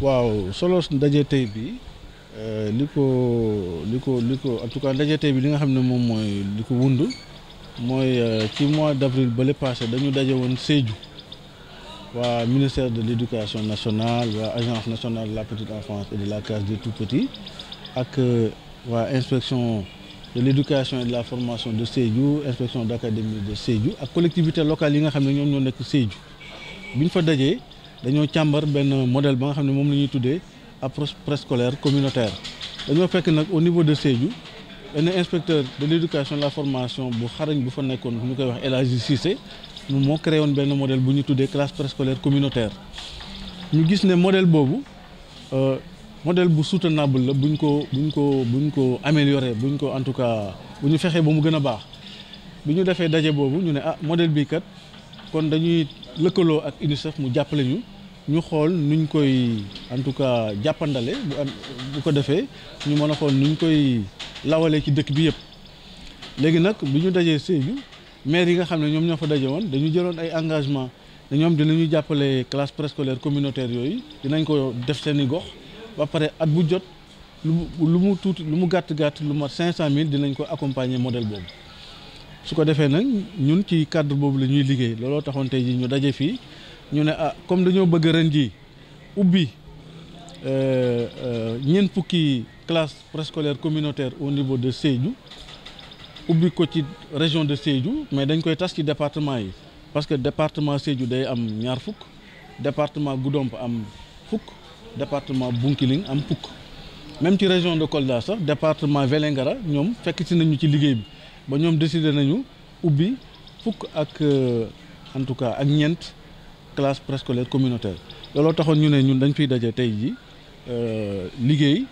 waaw solo ndaje tey bi euh, li ko li ko li ko en tout cas ndaje tey bi li nga xam ne moom mooy li ko wund mooy euh, ci mois d'avril ba le passé dañu daje woon Sédhiou waa ministère de l'éducation nationale waa agence nationale de la petite enfance et de la case des tout-petits ak euh, waa inspection de l'éducation et de la formation de Sédhiou inspection d'académie de Sédhiou ak collectivité locale yi nga xam ne ñoom ñoo nekk Sédhiou bi ñu fa dajee dañoo càmbar benn modèle ba nga xam ne moom la ñuy tuddee approche préscolaire communautaire dañoo fekk nag au niveau de Sédhiou benn inspecteur de l' éducation de la formation bu xarañ bu fa nekkoon ñu koy wax El Hadji Cissé moom moo créé woon benn modèle bu ñu tuddee classe préscolaire communautaire ñu gis ne modèle boobu euh, modèle bu soutenable la buñ ko buñ ko buñ ko amélioré buñ ko en tout cas bu ñu fexee ba mu gën a baax bu ñu defee daje boobu ñu ne ah modèle bii kat kon dañuy lëkkaloo ak UNICEF mu jàppale ñu ñu xool nuñ koy en tout cas jàppandale bu am bu ko defee ñu mën a xool nuñ koy lawalee ci dëkk bi yëpp léegi nag bi ñu dajee Sédhiou maire yi nga xam ne ñoom ñoo fa daje woon dañu jëloon ay engagement ne ñoom dinañu jàppale classe préscolaire communautaire yooyu dinañ ko def seen i gox ba pare at bu jot lu mu lu tuuti lu mu gàtt gàtt lu mat 500000 dinañ ko accompagner modèle boobu. su ko defee nag ñun ci cadre boobu la ñuy liggéey looloo taxoon tey ji ñu daje fii ñu ne ah comme dañoo bëgg ren ji ubbi euh, euh, ñeent fukki classe préscolaire communautaire au niveau de Sédhiou ubbi ko ci région de Sédhiou mais dañ koy tas ci département yi parce que département Sédhiou day am ñaar fukk département Goudomp am fukk département Bunkiling am fukk même ci région de Kolda sax département Vélingara ñoom fekk si nañu ci liggéey bi ba ñoom décidé nañu ubbi fukk ak euh, en tout cas ak ñeent classe préscolaire communautaire looloo taxoon ñu ne ñun dañ fiy dajee tey ji euh, liggéey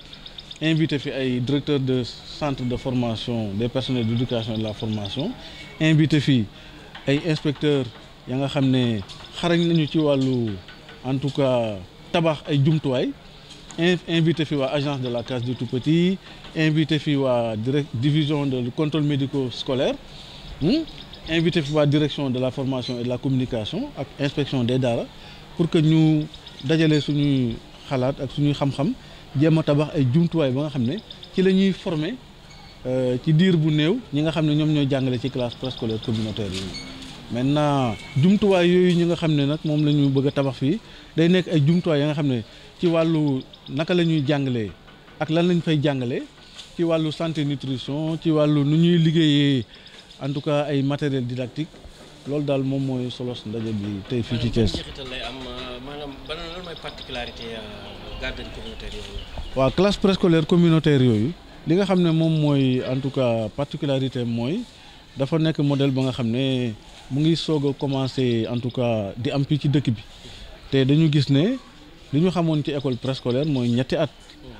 invité fi ay directeur de centre de formation des personnels d'éducation et de la formation invité fii ay inspecteurs ya nga xam ne xarañ nañu ci wàllu en tout cas tabax ay jumtuwaay invité fi waa agence de la case du tout petit invité fii waa direct division de contrôle médico-scolaire hmm? invité fi waa direction de la formation et la communication ak inspection des daara pour que ñu dajale suñuy xalaat ak suñuy xam-xam jéem a tabax ay jumtuwaay ba nga xam ne ci la ñuy former euh, ci diir bu néew ñi nga xam ne ñoom ñooy jàngale ci classe préscolaire communautaire yi maintenant jumtuwaay yooyu ñi nga xam ne nag moom la ñu bëgg a tabax fii day nekk ay jumtuwaay ya nga xam ne ci wàllu naka la ñuy jàngalee ak lan lañu fay jàngalee ci wàllu santé nutrition ci wàllu nu ñuy liggéeyee en tout cas ay matériel didactique loolu daal moom mooy solos ndaje bi tey fii ci Thiès. Euh, euh, waaw classe préscolaire communautaire yooyu li nga xam ne moom mooy en tout cas particularité mooy. dafa nekk modèle ba nga xam ne mu ngi soog a commencé en tout cas di am fii ci dëkk bi te dañu gis ne li ñu xamoon ci école préscolaire mooy ñetti at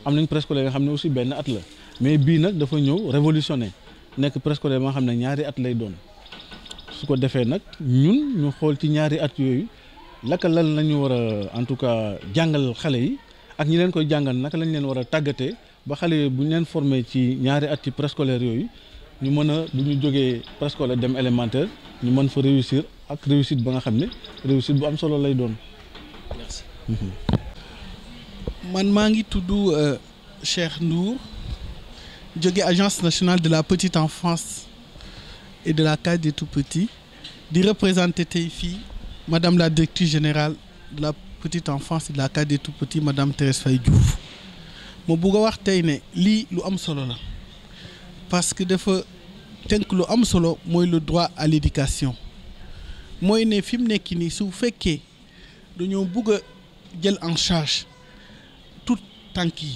am nañ préscolaire nga xam ne aussi benn at la mais bii nag dafa ñëw révolutionné nekk préscolaire ba nga xam ne ñaari at lay doon su ko defee nag ñun ñu xool ci ñaari at yooyu laka lan la ñu war a en tout cas jàngal xale yi ak ñi leen koy jàngal naka lañ leen war a tàggatee ba xale yi bu ñu leen formé ci ñaari at ci yooyu ñu mën a bu ñu jógee préscolaire dem élémentaire ñu mën fa réussir ak réussite ba nga xam ne réussite bu am solo lay doon. merci. Mhm. man maa ngi tudd euh, Cheikh Ndour jóge agence nationale de la petite enfance et de la case des tout-petits di représenter tey fii madame la directure générale de la petite enfance et de la case des tout-petits madame Thérèse Faye Diouf moo bugg a wax tey ne lii lu am solo la. parce que dafa tënk lu am solo mooy le droit à l'éducation mooy ne fi mu nekk nii su fekkee dañoo bugg a jël en charge tout tànk yi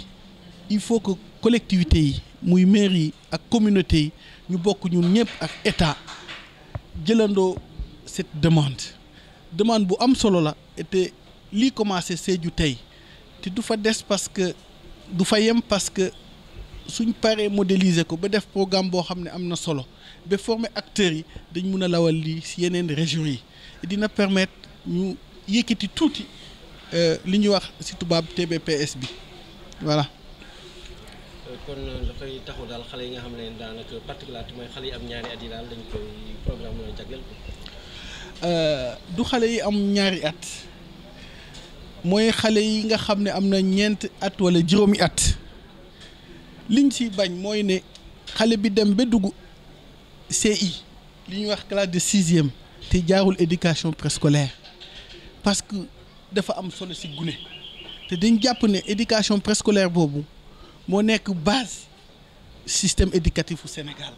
il faut que collectivité yi muy maire yi ak communauté yi ñu bokk ñun ñëpp ak état jëlandoo cette demande demande bu am solo la te lii commencé Sédhiou tey te du fa des parce que du fa yem parce que suñ paree modéliser ko ba def programme boo xam ne am na solo ba former acteurs yi dañ mun a lawal lii si yeneen régions yi dina permettre ñu yëkkati tuuti euh, li ñuy wax si tubaab TBPS bi voilà. Euh, kon euh, dafay taxu daal xale yi nga xam ne daanaka particularité mooy xale yi am ñaari du xale yi am ñaari at mooy xale yi nga xam ne am na ñeent at walla juróomi at. liñ si bañ mooy ne xale bi dem ba dugg CI li ñuy wax classe de sixième te jaarul éducation préscolaire parce que dafa am solo ci gune te dañ jàpp ne éducation préscolaire boobu moo nekk base système éducatif u Sénégal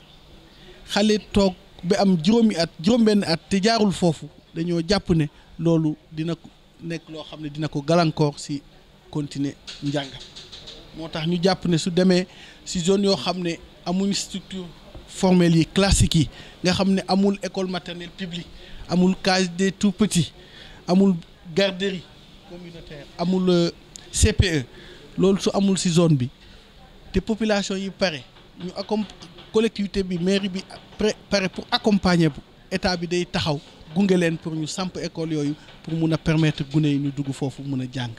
xale toog bi am juróomi at juróom-benn at te jaarul foofu dañoo jàpp ne loolu dina nekk loo xam ne dina ko gàllankoor si continuer njàngam moo tax ñu jàpp ne su demee si zone yoo xam ne amuñ structure formelle yi classique yi nga xam ne amul école maternelle publique amul case des tout petits amul garderie communautaire amul euh, CPE loolu su amul si zone bi te population yi pare ñu accom collectivité bi mairie bi pare pour accompagner bu état bi day taxaw gunge leen pour ñu samp école yooyu pour mun a permettre gune yi ñu dugg foofu mun a jàng.